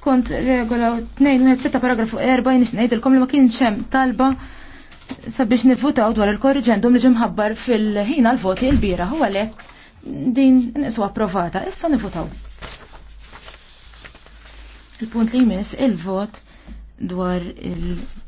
skont regola 216 paragrafu 4 nix ngħidilkom li ma kienx hemm talba sabiex nivvutaw dwar il-korriġendum li ġimħabbar fil-ħin għal-voti l-bira huwa lek din nisu approvata. Issa nivvutaw. Il-punt li jmiss il-vot dwar il-